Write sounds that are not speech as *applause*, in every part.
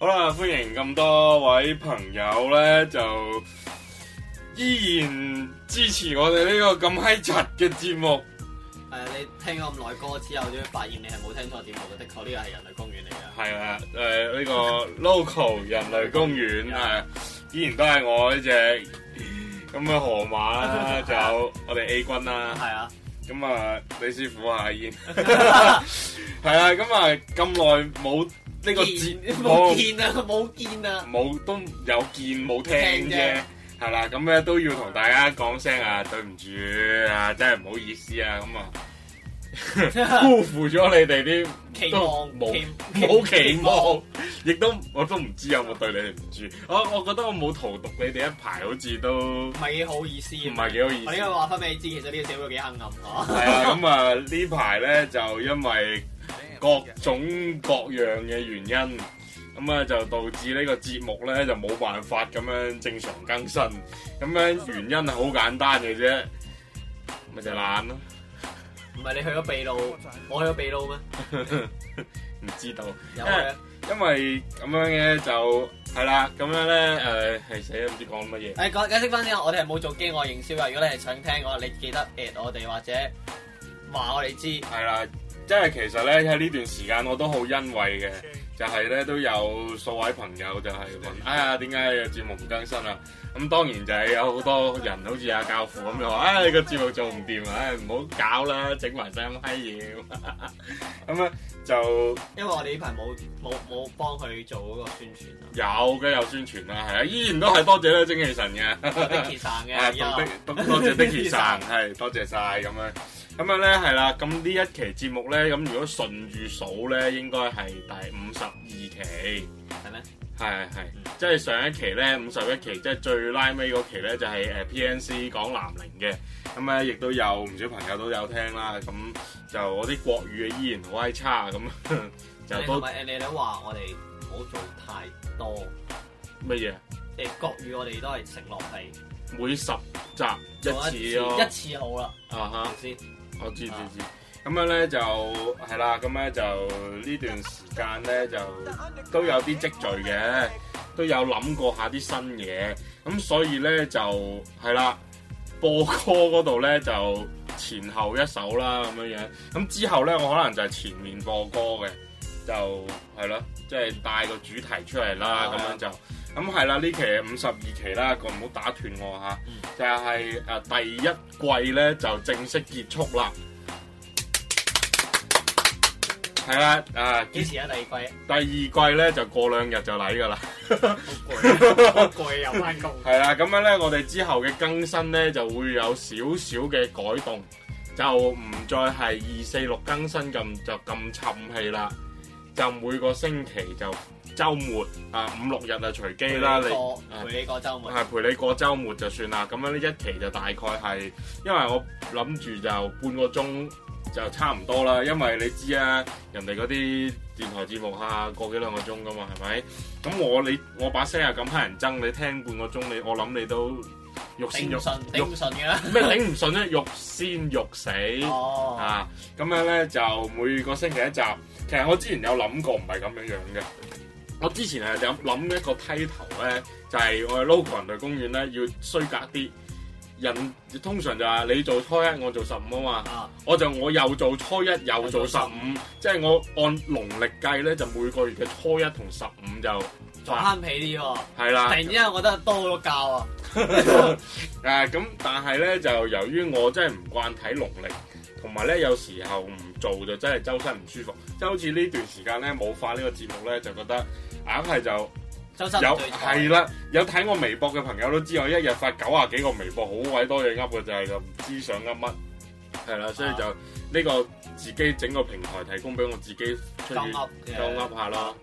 好啦，歡迎咁多位朋友咧，就依然支持我哋呢個咁嗨柒嘅節目。係啊，你聽咗咁耐歌之後，終於發現你係冇聽錯節目嘅，的確呢個係人類公園嚟嘅。係 *music* 啊，誒、呃、呢、這個 local 人類公園係、啊，依然都係我呢隻咁嘅河馬啦、啊，仲有我哋 A 君啦。係啊。咁 *laughs* 啊，李師傅啊，係啊， *laughs* *laughs* 咁 *noise* 啊樂，咁耐冇。 *music* *music* *music* 呢、這個字，冇見啊，冇見啊，冇都有見冇聽啫，係啦，咁咧都要同大家講聲啊，對唔住啊，真係唔好意思啊，咁啊 *laughs* 辜負咗你哋啲期，期，期望，冇冇期望，亦都我都唔知有冇對你哋唔住，我我覺得我冇荼毒你哋一排，好似都唔係幾好意思，唔係幾好意思，我呢個話翻俾你知，其實呢個社會幾黑暗喎。係 *laughs* 啊，咁啊呢排咧就因為，各種各樣嘅原因，咁啊就導致呢個節目咧就冇辦法咁樣正常更新，咁樣原因係好簡單嘅啫，咪就懶咯。唔係你去咗秘魯，我，我去咗秘魯咩？唔 *laughs* 知道。因為因為咁樣嘅就係啦，咁樣咧誒，係死唔知講乜嘢。誒、哎，解釋翻先啊，我哋係冇做飢餓營銷噶。如果你係想聽嘅話，你記得 at 我哋或者話我哋知。係啦。即係其實咧喺呢段時間我都好欣慰嘅，就係、是、咧都有數位朋友就係問：哎呀，點解個節目唔更新啊？咁當然就係有好多人好似阿教父咁就話：哎，你個節目做唔掂啊，唔、哎、好搞啦，整埋晒咁閪嘢咁啊！就因為我哋呢排冇冇冇幫佢做嗰個宣傳啊，有嘅有宣傳啦，係啊，依然都係多謝咧精氣神嘅，精氣神嘅，多多 *laughs* 多謝精氣神，係多謝晒，咁樣，咁樣咧係啦，咁呢一期節目咧，咁如果順住數咧，應該係第五十二期，係咩？係係，嗯、即係上一期咧五十一期，即係最拉尾嗰期咧就係、是、誒 PNC 講南寧嘅，咁咧亦都有唔少朋友都有聽啦。咁就我啲國語啊依然好閪差咁， *laughs* 就都。你同埋 Annie 都話我哋唔好做太多。乜嘢麼？誒國語我哋都係承諾係每十集一次、哦、一次一次好啦。啊哈、uh，先、huh, 實我知、uh huh. 知知。知。咁樣咧就係啦，咁咧就呢段時間咧就都有啲積聚嘅，都有諗過一下啲新嘢，咁所以咧就係啦播歌嗰度咧就前後一首啦咁樣樣，咁之後咧我可能就係前面播歌嘅，就係啦，即係、就係、帶個主題出嚟啦，咁樣、啊、就咁係啦，呢期五十二期啦，個唔好打斷我嚇，就係誒第一季咧就正式結束啦。係啦，啊幾時啊第二季？第二季咧就過兩日就嚟噶啦，好 *laughs* 攰，攰又翻工。係啦，咁 *laughs* 樣咧，我哋之後嘅更新咧就會有少少嘅改動，就唔再係二四六更新，咁就咁沉氣啦，就每個星期就周末啊五六日啊隨機啦，陪你陪你過周末，係陪你過周末就算啦。咁樣呢一期就大概係，因為我諗住就半個鐘。就差唔多啦，因為你知啊，人哋嗰啲電台節目下、啊、過幾兩個鐘噶嘛，係咪？咁我你我把聲又咁乞人憎，你聽半個鐘，你我諗你都欲仙欲死，頂唔順嘅咩，頂唔順咧？欲仙欲死啊！咁樣咧就每個星期一集。其實我之前有諗過唔係咁樣樣嘅。我之前係諗諗一個梯頭咧，就係我哋 local 人類公園咧，要衰格啲。人通常就係你做初一，我做十五啊嘛，我就我又做初一，又做十五，即係我按農曆計咧，就每個月嘅初一同十五就慳皮啲喎。係、啊、啦，突然之間我覺得多咗教啊。誒、 *laughs* *laughs* 啊，咁但係咧就由於我真係唔慣睇農曆，同埋咧有時候唔做就真係周身唔舒服，即係好似呢段時間咧冇化呢個節目咧，就覺得硬係就。有係啦，有睇我微博嘅朋友都知我一日發九啊幾個微博，好鬼多嘢噏嘅就係咁，唔知想噏乜，係啦，所以就呢個自己整個平台提供俾我自己出去多噏下咯，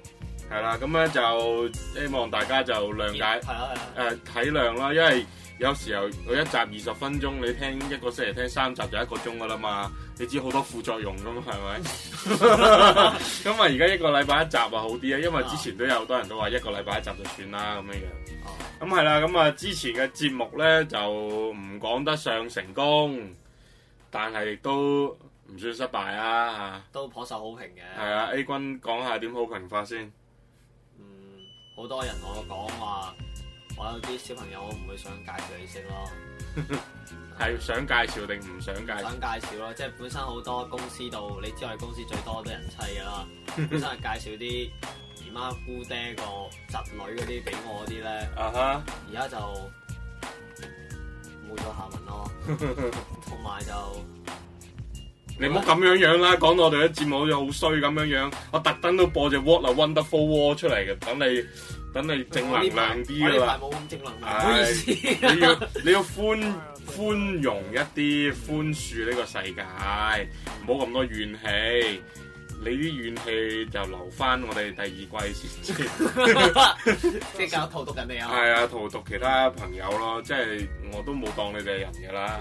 係啦，咁咧就希望大家就諒解，係啊、嗯，誒、呃、體諒啦，因為有時候佢一集二十分鐘，你聽一個星期聽三集就一個鐘噶啦嘛。你知好多副作用噶嘛，係咪？咁啊，而家一個禮拜一集啊，好啲啊，因為之前都有好多人都話一個禮拜一集就算啦咁樣。哦。咁係啦，咁啊， *laughs* 啊之前嘅節目咧就唔講得上成功，但係亦都唔算失敗啊，吓。都頗受好評嘅。係啊，A 君講下點好評法先。嗯，好多人同我講話，我有啲小朋友我唔會想介決你食介紹你識咯。 *laughs* 係想介紹定唔想介紹？想介紹咯，即係本身好多公司度，你知我哋公司最多都人妻噶啦。本身係介紹啲姨媽姑爹個侄女嗰啲俾我啲咧。啊哈！ *laughs* 而家就冇咗下文咯。同埋 *laughs* 就你唔好咁樣樣啦，講、啊、到我哋啲節目又好衰咁樣樣。我特登都播隻 What a Wonderful World 出嚟嘅，等你等你正能量啲噶啦。冇咁正能量。唔好意思，你要你要寬。 *laughs* 寬容一啲，寬恕呢個世界，唔好咁多怨氣。你啲怨氣就留翻我哋第二季先。即係教荼毒緊你啊！係啊，荼毒其他朋友咯，即係我都冇當你哋係人嘅啦。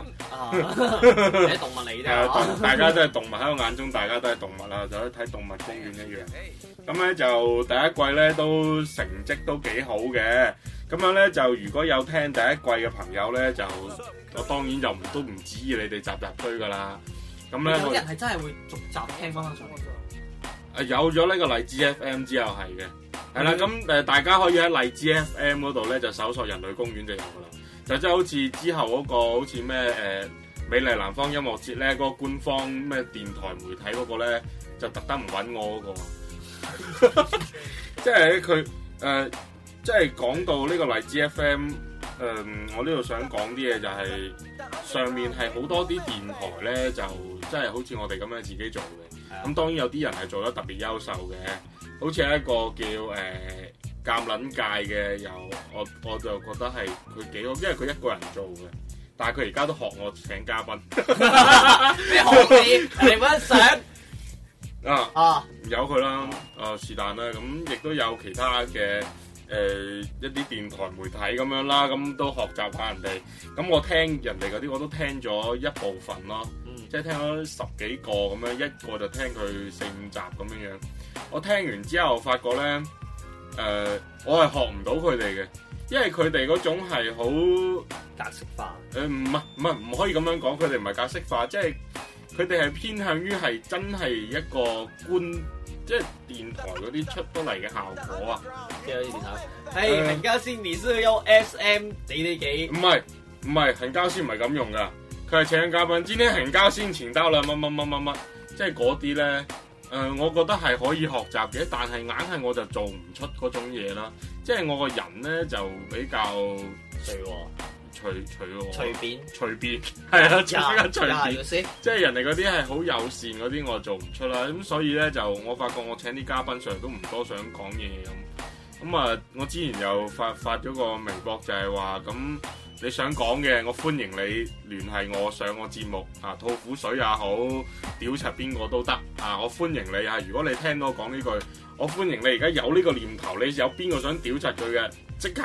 係動物嚟啫。係啊，大家都係動物喺我眼中，大家都係動物啊，就去睇動物公園一樣。咁咧就第一季咧都成績都幾好嘅，咁樣咧就如果有聽第一季嘅朋友咧就。我當然就唔都唔指意你哋集集追噶啦，咁咧有人係真係會逐集聽翻個，誒有咗呢個荔枝 FM 之後係嘅，係啦、嗯，咁誒、嗯、大家可以喺荔枝 FM 嗰度咧就搜索人類公園就有噶啦，就即係好似之後嗰、那個好似咩誒美麗南方音樂節咧，嗰官方咩電台媒體嗰個咧就特登唔揾我嗰、那個，即係佢誒，即、呃、係、就是、講到呢個荔枝 FM。誒、嗯，我呢度想講啲嘢就係、是、上面係好多啲電台咧，就真係好似我哋咁樣自己做嘅。咁當然有啲人係做得特別優秀嘅，好似一個叫誒鑑論界嘅，又我我就覺得係佢幾好，因為佢一個人做嘅。但係佢而家都學我請嘉賓，咩學你？你乜想啊啊？由佢啦，啊是但啦。咁亦都有其他嘅。誒、呃、一啲電台媒體咁樣啦，咁都學習下人哋。咁我聽人哋嗰啲，我都聽咗一部分咯，嗯、即係聽咗十幾個咁樣，一個就聽佢四五集咁樣樣。我聽完之後發覺咧，誒、呃，我係學唔到佢哋嘅，因為佢哋嗰種係好格式化。誒，唔係，唔係唔可以咁樣講，佢哋唔係格式化，即係佢哋係偏向於係真係一個觀。即係電台嗰啲出得嚟嘅效果啊，即係以前啊，誒，恆嘉先你係用 S M 幾幾幾？唔係唔係，恆嘉先唔係咁用噶，佢係請嘉賓，今天恆嘉先前刀啦，乜乜乜乜乜，即係嗰啲咧，誒、呃，我覺得係可以學習嘅，但係硬係我就做唔出嗰種嘢啦，即係我個人咧就比較衰喎。對。隨便隨喎便，隨便 yeah, 隨便係啊，yeah, you 即刻隨便即係人哋嗰啲係好友善嗰啲，我做唔出啦。咁、嗯、所以呢，就，我發覺我請啲嘉賓上嚟都唔多想講嘢咁。咁啊，我之前又發發咗個微博就係話，咁你想講嘅，我歡迎你聯繫我上我節目啊，吐苦水也好，屌柒邊個都得啊，我歡迎你啊！如果你聽到我講呢句，我歡迎你而家有呢個念頭，你有邊個想屌柒佢嘅，即刻。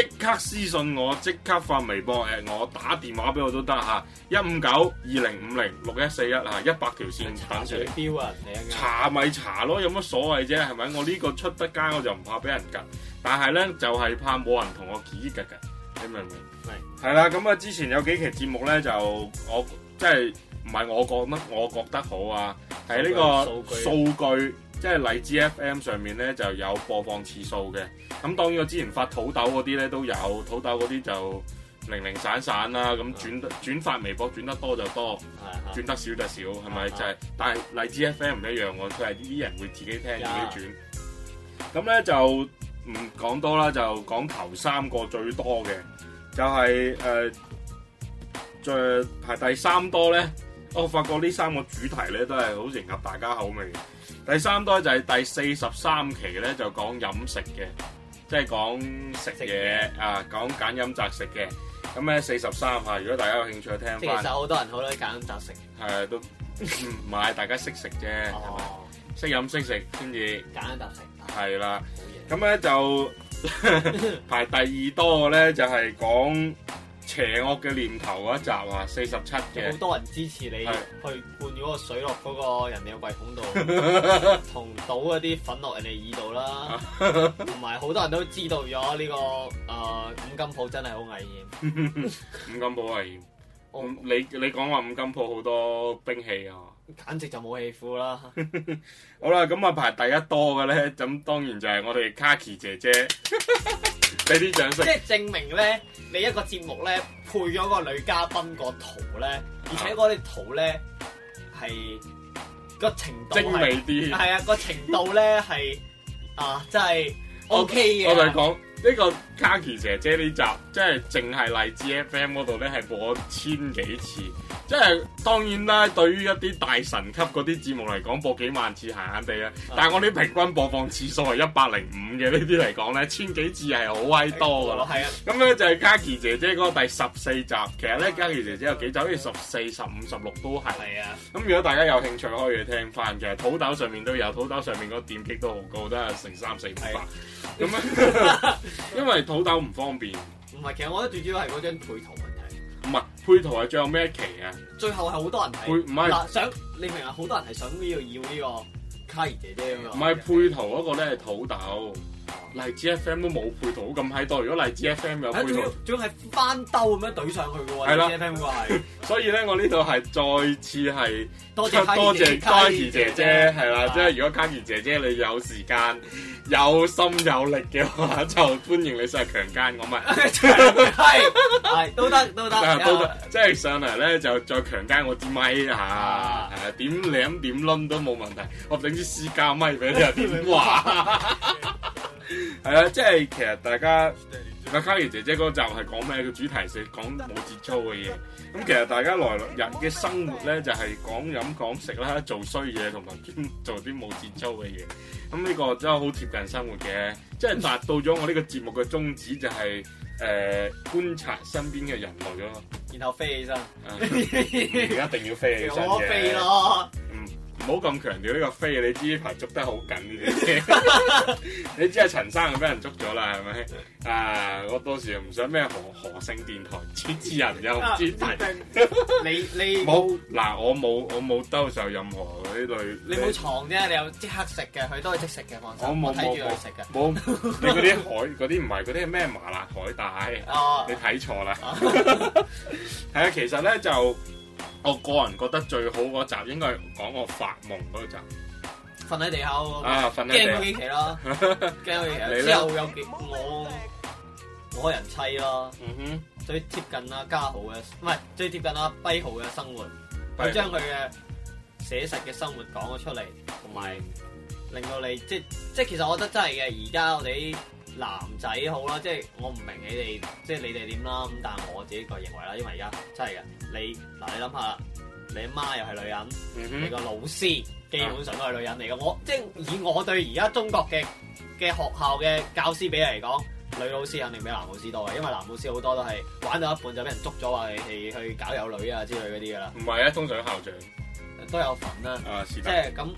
即刻私信我，即刻發微博，誒，我打電話俾我都得吓，一五九二零五零六一四一吓，一百條線。感謝。標人下查咪查咯，有乜所謂啫？係咪？我呢個出得街，我就唔怕俾人夾，但係咧就係、是、怕冇人同我企夾噶。你明唔明？係啦，咁啊，之前有幾期節目咧，就我即係唔係我覺得，我覺得好啊，係呢個數據。即係荔枝 F.M. 上面咧就有播放次數嘅，咁當然我之前發土豆嗰啲咧都有，土豆嗰啲就零零散散啦，咁轉轉發微博轉得多就多，轉得少就少，係咪就係、係？但係荔枝 F.M. 唔一樣喎，佢係啲人會自己聽 Yeah. 自己轉。咁咧就唔講多啦，就講頭三個最多嘅，就係誒最排第三多咧。我發覺呢三個主題咧都係好迎合大家口味嘅。第三多就係、是、第四十三期咧就講飲食嘅，即係講食嘢啊，講揀飲擇食嘅。咁咧四十三嚇，如果大家有興趣聽，其實好多人好多揀飲擇食，係、啊、都唔係 *laughs* 大家識食啫，識、哦、飲識食先至揀飲擇食。係啦，咁咧了就排第二多嘅咧就係講邪惡嘅念頭嗰一集啊，四十七嘅。好多人支持你是去灌嗰個水落嗰個人哋個櫃桶度，同 *laughs* 倒嗰啲粉落人哋耳度啦。同埋好多人都知道咗呢、這個誒五金鋪真係好危險。五金鋪危險？ *laughs* *laughs* 你你講話五金鋪好多兵器啊？簡直就冇器庫啦。 *laughs* 好啦，咁啊排第一多嘅咧，咁當然就係我哋 Kiki 姐，姐姐。 *laughs* 俾啲獎賞，掌聲。即係證明咧，你一個節目咧配咗個女嘉賓個圖咧，而且嗰啲圖咧係個程度，精美啲，係、那、啊，個程度咧係啊真係 OK 嘅。我哋講呢個 Kaki 姐姐呢集，即係淨係荔枝 FM 嗰度咧，係播千幾次。即係當然啦，對於一啲大神級嗰啲節目嚟講，播幾萬次閒閒地啦。但係我啲平均播放次數係一百零五嘅呢啲嚟講咧，千幾次係好威多噶咯。係啊、嗯，咁、嗯、咧、嗯、就係嘉琪姐姐嗰個第十四集。其實咧，嘉琪姐姐有幾集，好似十四、十五、十六都係。係啊。咁如果大家有興趣可以聽翻嘅，其實土豆上面都有，土豆上面嗰點擊都好高，都係成三四五百。咁、嗯，嗯、 *laughs* 因為土豆唔方便。唔係、嗯，其實我覺得最主要係嗰張配圖。唔係配圖係最後咩期啊？最後係好多人係，唔係嗱，想你明啊好多人係想要、呢個、要呢、呢個卡兒姐姐咁、嗰個。唔係是配圖嗰個咧係土豆。荔枝 F M 都冇配套咁喺度。如果荔枝 F M 有配套，仲要係翻兜咁樣懟上去嘅喎，係啦。所以咧，我呢度係再次係多謝多謝嘉怡姐姐，係啦，即係如果嘉怡姐姐你有時間有心有力嘅話，就歡迎你上嚟強奸我咪，係都得都得都得。即係上嚟咧就再強奸我支咪嚇，點攬點撚都冇問題，我整支私家咪俾你啊，係啊、嗯，即係其實大家，阿卡怡姐姐嗰集係講咩？個主題係講冇節操嘅嘢。咁其實大家人人嘅生活咧就係講飲講食啦，做衰嘢同埋做啲冇節操嘅嘢。咁、嗯、呢、這個真係好貼近生活嘅，即係達到咗我呢個節目嘅宗旨、就係，就係誒觀察身邊嘅人類咯。然後飛起身， *laughs* 一定要飛起身嘅。我飛咯。冇咁強調呢個飛你知呢排捉得好緊嘅，你知係陳生俾人捉咗啦，係咪？啊！我到時又唔想咩何何星電台主持人又唔知，你你冇嗱，我冇我冇兜售任何呢類。你冇藏啫，你有即刻食嘅，佢都係即食嘅方式。我冇冇冇睇住佢食嘅，冇你嗰啲海嗰啲唔係嗰啲咩麻辣海帶，你睇錯啦。係啊，其實咧就。我個人覺得最好嗰集應該係講我發夢嗰集，瞓喺、啊、地下，驚嗰幾期咯，驚嗰幾期。之後有冇我，我人妻咯、嗯哼，最貼近啊，嘉豪嘅，唔係最貼近阿跛豪嘅生活，佢豪將佢嘅寫實嘅生活講咗出嚟，同埋有令到你即即其實我覺得真係嘅，而家我哋男仔好啦，即係我唔明你哋，即係你哋點啦。咁但係我自己個認為啦，因為而家真係嘅，你嗱你諗下，你阿媽又係女人，嗯、哼你個老師基本上都係女人嚟嘅。我即係以我對而家中國嘅嘅學校嘅教師比例嚟講，女老師肯定比男老師多嘅，因為男老師好多都係玩到一半就俾人捉咗，話係去搞有女啊之類嗰啲嘅啦。唔係啊，通常校長都有份啦、啊，啊、即係咁。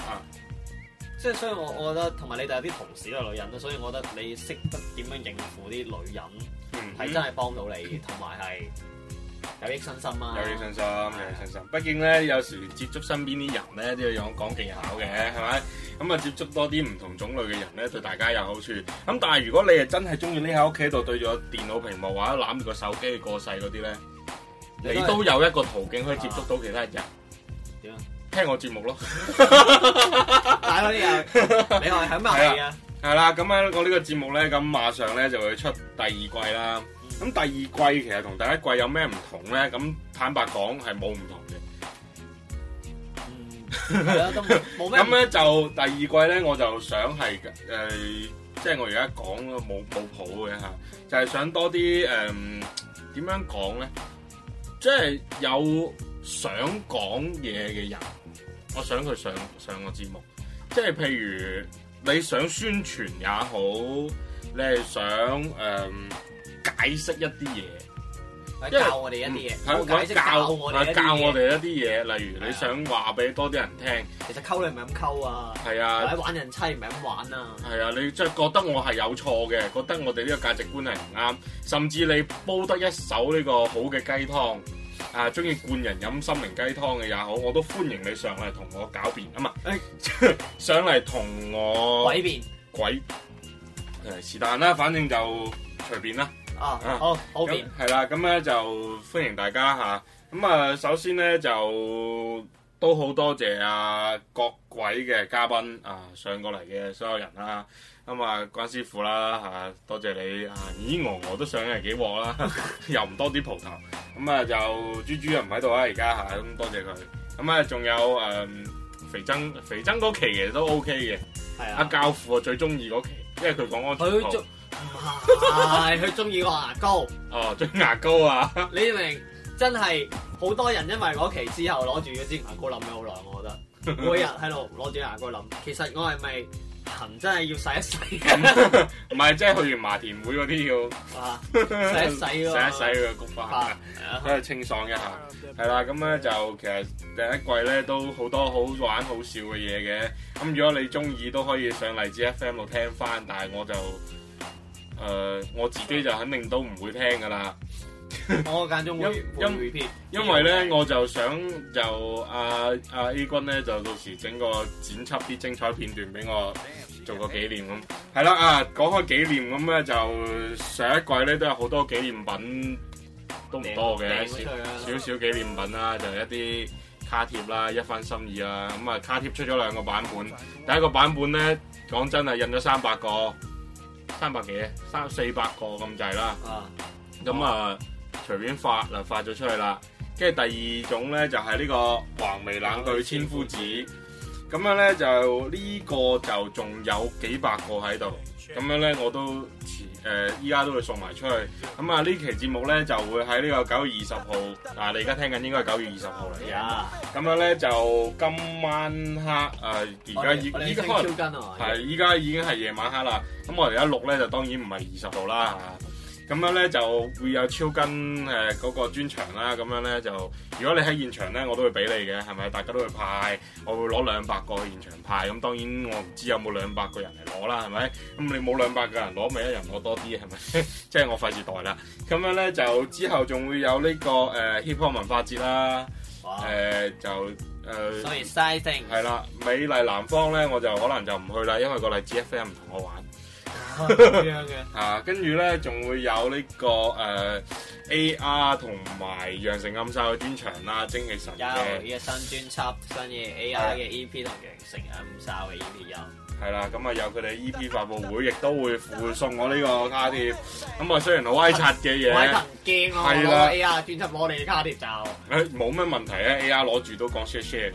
即係，所以我我覺得，同埋你哋有啲同事都係女人咯，所以我覺得你識得點樣應付啲女人，係、嗯、哼真係幫到你，同埋係有益身心啊！有益身心，有益身心。的畢竟咧，有時接觸身邊啲人咧，都要用講技巧嘅，係咪？咁啊，接觸多啲唔同種類嘅人咧，對大家有好處。咁但係如果你係真係中意匿喺屋企度對住個電腦屏幕，或者攬住個手機過世嗰啲咧，都你都有一個途徑可以接觸到其他人。聽我節目咯 *laughs* *laughs* 你，睇嗰啲你係肯買嘅。係啦，咁喺我呢個節目咧，咁馬上咧就會出第二季啦。咁第二季其實同第一季有咩唔同咧？咁坦白講係冇唔同嘅。咁咧、嗯、 *laughs* 就第二季咧，我就想係誒，即係我而家講冇冇譜嘅吓，就係、是就是、想多啲誒，點、呃、樣講咧？即、就、係、是、有想講嘢嘅人。我想佢上上個節目，即係譬如你想宣傳也好，你係想誒、呃、解釋一啲嘢，教我哋一啲嘢，為對解教，教我哋一啲嘢，例如、啊、你想話俾多啲人聽，其實溝女唔係咁溝啊，係啊，玩人妻唔係咁玩啊，係啊，你即係覺得我係有錯嘅，覺得我哋呢個價值觀係唔啱，甚至你煲得一手呢個好嘅雞湯。啊，中意灌人飲心靈雞湯嘅也好，我都歡迎你上嚟同我狡辯啊嘛！上嚟同我鬼辯鬼誒，是但啦 *laughs* 面、呃，反正就隨便啦。啊，啊好啊好辯係啦，咁咧就歡迎大家吓。咁啊，首先咧就都好多謝啊各鬼嘅嘉賓啊，上過嚟嘅所有人啦、啊。咁啊、嗯，關師傅啦嚇、啊，多謝你啊！咦，我我都想咗嚟幾鑊啦， *laughs* 又唔多啲蒲頭。咁、嗯、啊，就豬豬又唔喺度啦。而家嚇，咁多謝佢。咁啊，仲有誒肥增，肥增嗰期其實都 OK 嘅。係啊。阿、啊、教父啊，最中意嗰期，因為佢講我。佢中唔係，佢中意個牙膏。哦，中牙膏啊！ *laughs* 你明，真係好多人因為嗰期之後攞住支牙膏諗咗好耐，我覺得每日喺度攞住牙膏諗。其實我係咪？行真係要洗一洗，唔係即係去完麻田會嗰啲要洗一洗 *laughs* 洗一洗佢嘅菊花，喺度，嗯嗯、清爽一下，係啦，嗯。咁咧就其實第一季咧都好多好玩好笑嘅嘢嘅，咁、嗯、如果你中意都可以上荔枝 FM 度聽返，但係我就誒、呃、我自己就肯定都唔會聽噶啦。我間中會回片， *laughs* 因為咧我就想由阿、啊、阿、啊、A 君咧就到時整個剪輯啲精彩片段俾我做個紀念咁。係啦，啊講開紀念咁咧就上一季咧都有好多紀念品都，都唔多嘅少少紀念品啦，就一啲卡貼啦，一番心意啦。咁啊卡貼出咗兩個版本，第一個版本咧講真係印咗三百個，三百幾三四百個咁滯啦，咁啊。啊啊啊隨便發啦，發咗出去啦。跟住第二種咧，就係、是、呢、這個橫眉冷對千夫指。咁樣咧就呢、這個就仲有幾百個喺度。咁樣咧我都誒依家都會送埋出去。咁啊呢期節目咧就會喺呢個九月二十號。嗱、啊，你而家聽緊應該係九月二十號嚟嘅。咁樣咧就今晚黑誒而家已依家可依能家已經係夜晚黑啦。咁、嗯嗯、我哋一錄咧就當然唔係二十號啦嚇。嗯咁樣咧就會有超跟誒嗰個專場啦，咁樣咧就如果你喺現場咧，我都會俾你嘅，係咪？大家都會派，我會攞兩百個去現場派，咁當然我唔知有冇兩百個人嚟攞啦，係咪？咁你冇兩百個人攞，咪一人攞多啲，係咪？ *laughs* 即係我費事帶啦。咁樣咧就之後仲會有呢、呢個誒、呃、Hip Hop 文化節啦，誒 Wow.、呃、就誒。所以細聲。係 So exciting. 啦，美麗南方咧我就可能就唔去啦，因為個荔枝 FM 唔同我玩。咁樣嘅， *laughs* 啊，跟住咧仲會有呢、這個誒、呃、 *laughs* AR 同埋羊城暗哨嘅專場啦，蒸嘅 *laughs* 神有，依、這個新專輯，新嘅 *laughs* AR 嘅 EP 同羊城暗哨嘅 EP 有。係啦，咁啊有佢哋 E.P. 發布會，亦都會附送我呢個卡貼。咁啊，雖然好威七嘅嘢，威七唔驚喎。係啦，A.R. 專輯攞嘅卡貼就，冇咩、欸、問題咧、啊。A.R. 攞住都講 share share。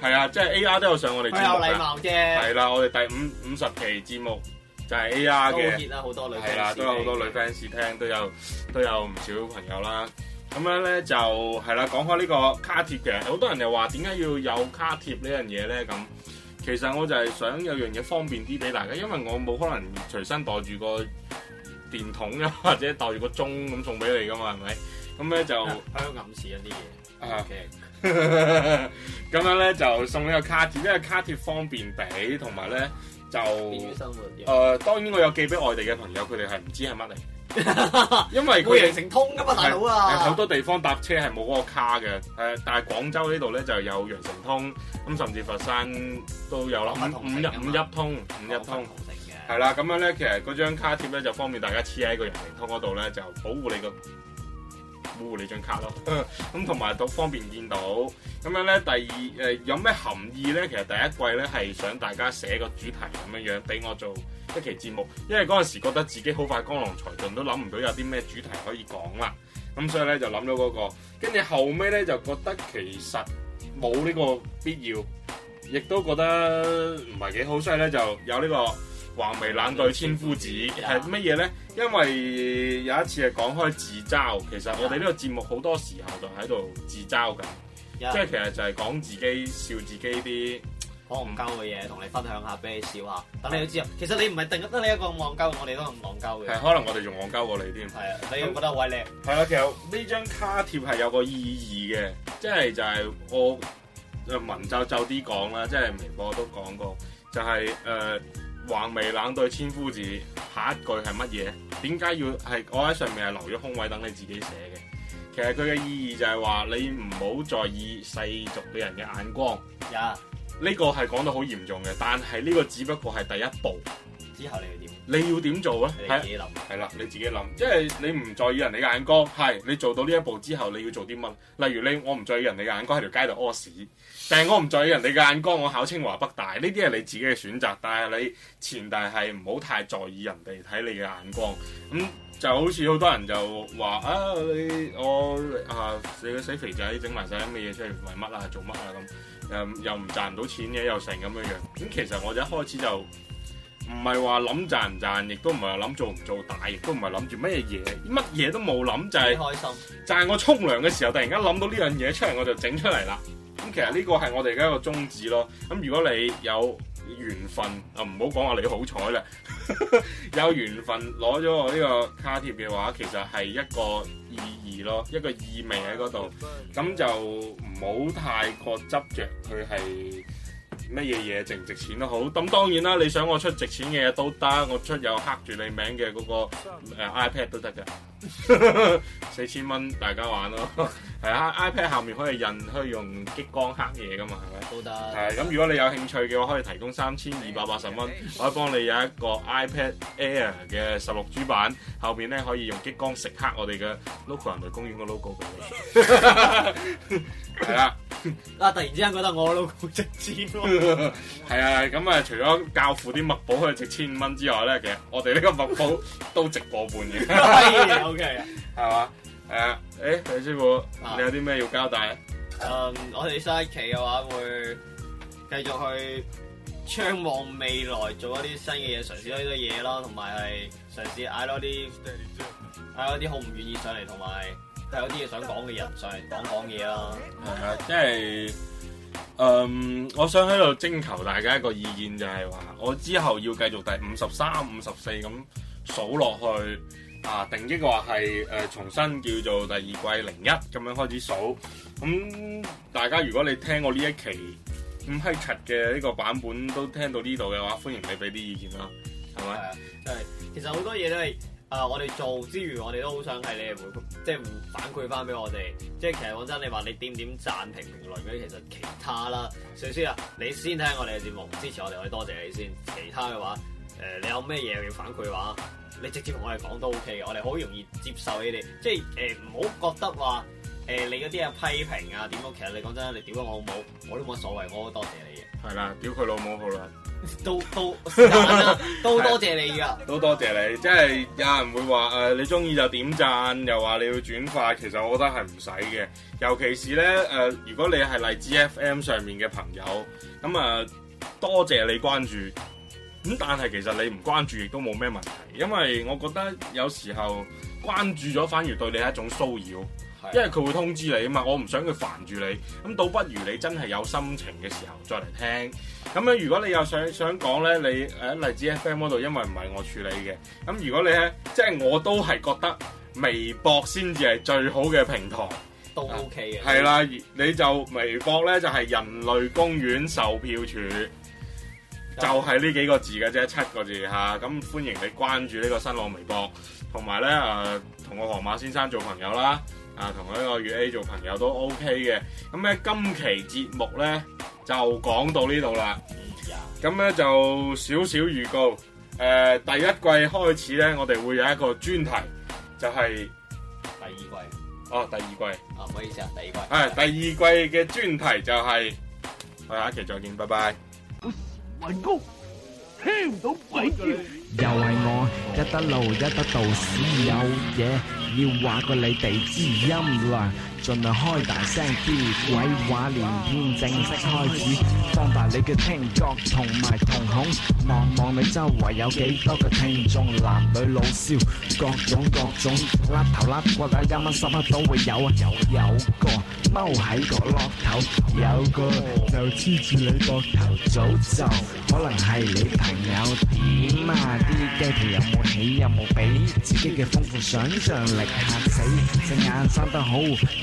係啊， *laughs* *laughs* *laughs* 即、就、係、是、A.R. 都有上我哋。佢有禮貌啫。係啦，我哋第五五十期節目就係 A.R. 嘅。都好熱啦、啊，好多女。係啦，都有好多女 fans 聽的都，都有都有唔少朋友啦。咁樣咧就係啦，講開呢個卡貼嘅，好多人又話點解要有卡貼呢樣嘢咧？咁其實我就係想有樣嘢方便啲俾大家，因為我冇可能隨身袋住個電筒啊，或者袋住個鐘咁送俾你㗎嘛，係咪？咁咧就喺度暗示一啲嘢啊，咁 *laughs* 樣咧、啊、Okay. *laughs* 就送呢個卡貼，因為卡貼方便俾，同埋咧就，生活呃，當然我有寄俾外地嘅朋友，佢哋係唔知係乜嚟。 *laughs* 因為佢羊城通噶嘛大佬啊，好多地方搭車係冇嗰個卡嘅，誒，但係廣州呢度咧就有羊城通，咁甚至佛山都有啦，五五同五一通，五一通，係啦、啊，咁樣咧，其實嗰張卡貼咧就方便大家黐喺個羊城通嗰度咧，就保護你個。保護你張卡咯。咁同埋都方便見到。咁樣咧，第二誒、呃、有咩含義咧？其實第一季咧係想大家寫個主題咁樣樣俾我做一期節目，因為嗰陣時覺得自己好快江郎才盡，都諗唔到有啲咩主題可以講啦。咁所以咧就諗到嗰、嗰個，跟住後尾咧就覺得其實冇呢個必要，亦都覺得唔係幾好，所以咧就有呢、呢個。橫眉冷對千夫子，係乜嘢咧？因為有一次係講開自嘲，其實我哋呢個節目好多時候就喺度自嘲㗎，嗯、即係其實就係講自己笑自己啲戇鳩嘅嘢，同你分享下，俾你笑下。等你都知道，其實你唔係定得你一個咁戇鳩，我哋都係咁戇鳩嘅。係，可能我哋仲戇鳩過你添。係啊，你覺得好幾叻？係、嗯、啊，其實呢張卡貼係有個意義嘅，即係就係我文縐縐啲講啦，即係微博都講過，就係、是、誒。呃橫眉冷對千夫指，下一句係乜嘢？點解要係我喺上面係留咗空位等你自己寫嘅？其實佢嘅意義就係話你唔好在意世俗嘅人嘅眼光。呀！呢個係講得好嚴重嘅，但係呢個只不過係第一步。之後你係點？你要點做呢？你自己諗，係啦，你自己諗，即係你唔在意人哋嘅眼光，係你做到呢一步之後，你要做啲乜？例如你我唔在意人哋嘅眼光喺條街度屙屎，但係我唔在意人哋嘅眼光，我考清華北大，呢啲係你自己嘅選擇。但係你前提係唔好太在意人哋睇你嘅眼光。咁、嗯、就好似好多人就話啊，你我啊，你個死肥仔整埋晒啲咩嘢出嚟？為乜啊？做乜啊？咁、嗯、又又唔賺唔到錢嘅又成咁樣樣。咁、嗯、其實我就一開始就。唔係話諗賺唔賺，亦都唔係話諗做唔做大，亦都唔係諗住乜嘢，乜嘢都冇諗，就係就係我沖涼嘅時候，突然間諗到呢樣嘢出嚟，我就整出嚟啦。咁其實呢個係我哋而家一個宗旨咯。咁如果你有緣分啊，唔好講話你好彩啦， *laughs* 有緣分攞咗我呢個卡貼嘅話，其實係一個意義咯，一個意味喺嗰度。咁就唔好太過執着，佢係。乜嘢嘢值唔值錢都好，咁當然啦，你想我出值錢嘅嘢都得，我出有刻住你名嘅嗰、那個、嗯啊、iPad 都得嘅，四千蚊大家玩咯。係 *laughs* 啊，iPad 後面可以印，可以用激光刻嘢噶嘛，係咪？都得。係，咁如果你有興趣嘅話，可以提供三千二百八十蚊，我可以幫你有一個 iPad Air 嘅十六 G 版，後面咧可以用激光食刻我哋嘅 local 人類公園嘅 logo 俾你。係 *laughs* *laughs* *laughs* 啊，啊 *coughs* 突然之間覺得我 logo 好值錢係啊，咁啊， *laughs* 除咗教父啲墨寶可以值千五蚊之外咧，其實我哋呢個墨寶都值過半嘅。 *laughs* *laughs* *laughs* OK，係嘛，係啊，誒，李師傅，啊、你有啲咩要交代？嗯，我哋新一期嘅話會繼續去展望未來，做一啲新嘅嘢，嘗試呢啲嘢咯，同埋係嘗試嗌多啲嗌多啲好唔願意上嚟，同埋係有啲嘢想講嘅人上嚟講講嘢咯。係啊， *laughs* 即係。嗯，um, 我想喺度徵求大家一個意見，就係、是、話我之後要繼續第五十三、五十四咁數落去，啊，定抑話係誒、呃、重新叫做第二季零一咁樣開始數。咁、嗯、大家如果你聽我呢一期五黑柒嘅呢個版本都聽到呢度嘅話，歡迎你俾啲意見啦，係嘛？係啊，係，其實好多嘢都係。啊！我哋做之餘，我哋都好想係你哋回顧，即係回反饋翻俾我哋。即係其實講真，你話你點點贊評評論嗰啲，其實其他啦。首先啊，你先聽我哋嘅節目，支持我哋，我哋多謝你先。其他嘅話，誒、呃、你有咩嘢要反饋嘅話，你直接同我哋講都 OK 嘅。我哋好容易接受你哋。即係誒唔好覺得話誒、呃、你嗰啲啊批評啊點樣，其實你講真，你屌我好唔好？我都冇乜所謂，我都多謝你嘅。係啦，屌佢老母好啦！都都，都多謝你噶， *laughs* 都多謝你。即係有人會話誒、呃，你中意就點讚，又話你要轉發。其實我覺得係唔使嘅，尤其是呢，誒、呃，如果你係荔枝 FM 上面嘅朋友，咁啊、呃、多謝你關注。咁但係其實你唔關注亦都冇咩問題，因為我覺得有時候關注咗反而對你係一種騷擾。因為佢會通知你啊嘛，我唔想佢煩住你。咁倒不如你真係有心情嘅時候再嚟聽。咁樣如果你又想想講咧，你誒例子 F M 嗰度，因為唔係我處理嘅。咁如果你咧，即係我都係覺得微博先至係最好嘅平台，都 OK 嘅。係啦，你就微博咧就係人類公園售票處，的就係呢幾個字嘅啫，七個字吓，咁歡迎你關注呢個新浪微博，同埋咧誒同我河馬先生做朋友啦。啊，同佢一個粵 A 做朋友都 OK 嘅。咁、啊、咧，今期節目咧就講到呢度啦。咁咧 Yeah.、啊、就少少預告。誒、呃，第一季開始咧，我哋會有一個專題，就係、是、第二季。哦，第二季。啊，唔好意思啊。第二季。係、啊、第二季嘅專、啊、題就係、是，我、啊、下一期再見，拜拜。武高，聽唔到鬼叫，又係我一得路一得道，先有嘢。要話過你哋知音啦。盡量開大聲啲，鬼話連篇正式開始，放大你嘅聽覺同埋瞳孔，望望你周圍有幾多個聽眾，男女老少，各種各種，甩頭甩骨，一蚊三蚊都會有，有有個踎喺角落頭，有個就黐住你膊頭，早就可能係你朋友。點啊，啲雞皮有冇起？有冇俾自己嘅豐富想像力嚇死？隻眼生得好。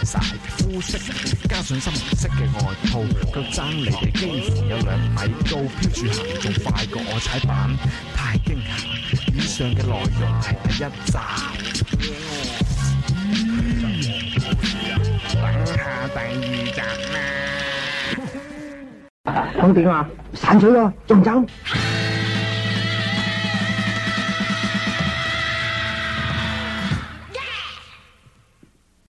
曬膚色，加上深色嘅外套，腳踭離地幾乎有兩米高，飄住行仲快過我踩板，太驚嚇！以上嘅內容係第一集，等、嗯、下第二集啊！咁點啊？散水咯，仲爭？